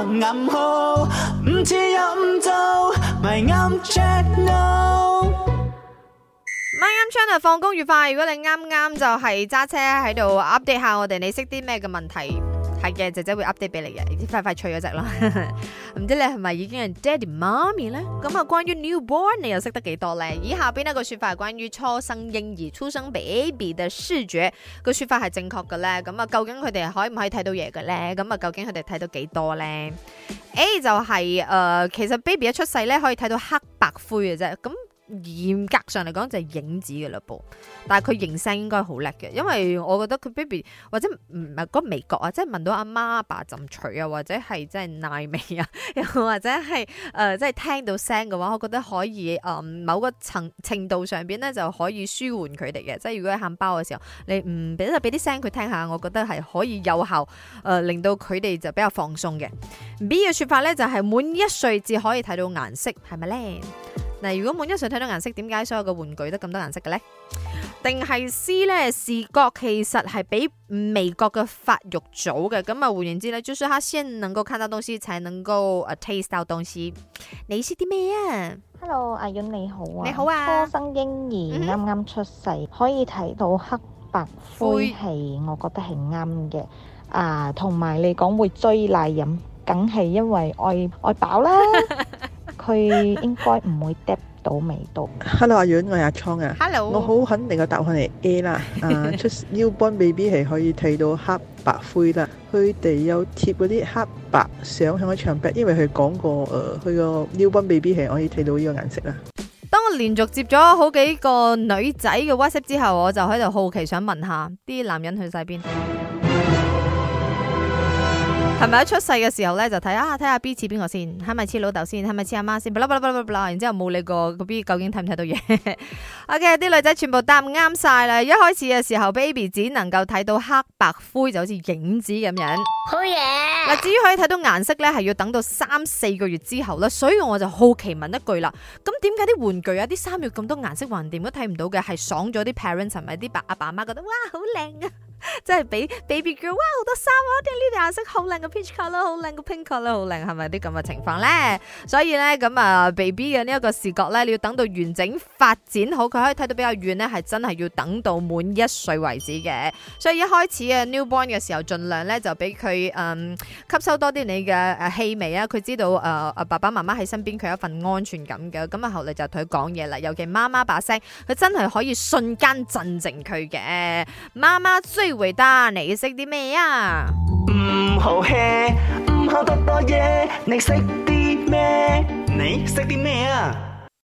啱啱出嚟放工愉快，如果你啱啱就係揸車喺度 update 下我哋，你識啲咩嘅問題？係嘅，姐姐會 update 俾你嘅，快快脆咗只啦。唔 知你係咪已經係爹地媽咪咧？咁啊，關於 newborn 你又識得幾多咧？以下邊一個說法係關於初生嬰兒、初生 baby 嘅視覺，個說法係正確嘅咧？咁啊，究竟佢哋可唔可以睇到嘢嘅咧？咁啊，究竟佢哋睇到幾多咧？A 就係、是、誒、呃，其實 baby 一出世咧可以睇到黑白灰嘅啫。咁。嚴格上嚟講就係影子嘅啦噃，但係佢認聲應該好叻嘅，因為我覺得佢 baby 或者唔係嗰味覺啊，即係聞到阿媽阿爸陣臭啊，或者係、呃、即係奶味啊，又或者係誒即係聽到聲嘅話，我覺得可以誒、呃、某個程程度上邊咧就可以舒緩佢哋嘅，即係如果喺喊包嘅時候，你唔俾俾啲聲佢聽下，我覺得係可以有效誒、呃、令到佢哋就比較放鬆嘅。唔俾嘅説法咧就係、是、滿一歲至可以睇到顏色，係咪咧？嗱，如果滿一歲睇到顏色，點解所有嘅玩具都咁多顏色嘅咧？定係 C 咧？視覺其實係比味覺嘅發育早嘅，咁啊，換言之，咧，就是他先能夠看到東西，才能夠誒 taste 到東西。你識啲咩啊？Hello，阿 y 你好啊。你好啊。初生嬰兒啱啱、mm-hmm. 出世，可以睇到黑白灰，係我覺得係啱嘅。啊，同埋你講會追奶飲，梗係因為愛愛飽啦。 佢 應該唔會釷到味道。Hello 阿遠，我係阿倉啊。Hello，我好肯定個答案係 A 啦。Uh, 出 Newborn baby 係可以睇到黑白灰啦。佢哋有貼嗰啲黑白相喺牆壁，因為佢講過誒，佢個 Newborn baby 係可以睇到呢個顏色啦。當我連續接咗好幾個女仔嘅 WhatsApp 之後，我就喺度好奇想問下啲男人去晒邊。 係咪喺出世嘅時候咧就睇啊睇下 B 似邊個先，係咪似老豆先，係咪似阿媽先？巴拉巴拉巴拉然之後冇理過嗰 B 究竟睇唔睇到嘢 ？OK，啲女仔全部答啱晒啦！一開始嘅時候，baby 只能夠睇到黑白灰，就好似影子咁樣。好嘢！嗱，至於可以睇到顏色咧，係要等到三四個月之後啦。所以我就好奇問一句啦，咁點解啲玩具啊、啲衫要咁多顏色，橫掂都睇唔到嘅？係爽咗啲 parents，係咪啲阿爸阿媽覺得哇好靚啊？即係俾 baby girl，哇，好多衫啊！啲呢啲顏色好靚嘅 peach colour 好靚嘅 pink colour 好靚，係咪啲咁嘅情況咧？所以咧咁啊，baby 嘅呢一個視覺咧，你要等到完整發展好，佢可以睇到比較遠咧，係真係要等到滿一歲為止嘅。所以一開始嘅 newborn 嘅時候，盡量咧就俾佢嗯吸收多啲你嘅誒氣味啊，佢知道誒、呃、爸爸媽媽喺身邊，佢有一份安全感嘅。咁啊，後嚟，就同佢講嘢啦，尤其媽媽把聲，佢真係可以瞬間鎮靜佢嘅。媽媽回答你識啲咩啊？唔、嗯、好吃，唔、嗯、好多多嘢。你識啲咩？你識啲咩啊？